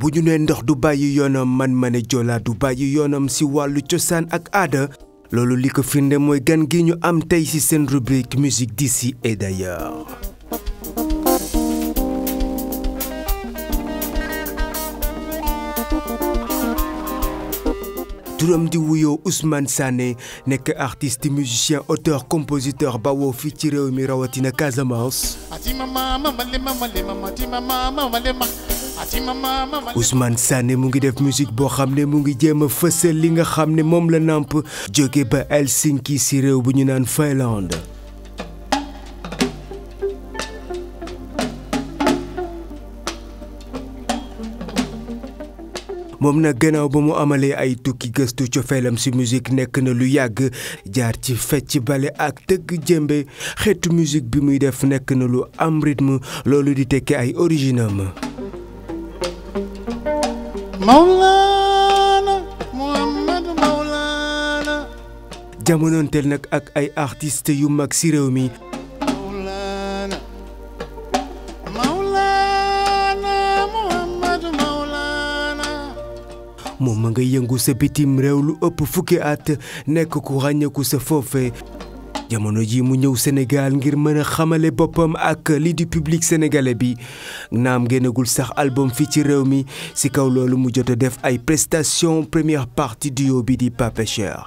bu ñu nee ndox du bàyyi yoonam man ma ne joolaa du bàyyi yoonam ci wàllu cosaan ak aada loolu li ko firnde mooy gan gi ñu am tey ci seen rubrique musique d'ici et d'ailleurs turam di wuyoo usmaan sànne nekk artiste musicien auteur compositeur bawoo fii ci réew mi rawatina Casamance. Ousmane Sané mu ngi def musique boo xam ne mu ngi jéem a fësal li nga xam ne moom la nàmp jóge ba Helsinki si réew bu ñu naan Finlande. moom na gannaaw ba mu amalee ay tukki gëstu cofeelam si musique nekk na lu yàgg jaar ci fecc bale ak tëgg jëmbe xeetu musique bi muy def nekk na lu am rythme loolu di tekki ay originam jamonoonteel nag ak ay artist yu mag ci réew mi moom ma nga yëngu sa bitim réew lu ëpp fukki at nekk ku ràññeeku sa foofe jamono ji mu ñëw senegal ngir mën a xamale boppam ak lii di public sénégalais bi naam génnagul sax album fii ci réew mi si kaw loolu mu jot a def ay prestation première partie duo bi di Pape Cheikh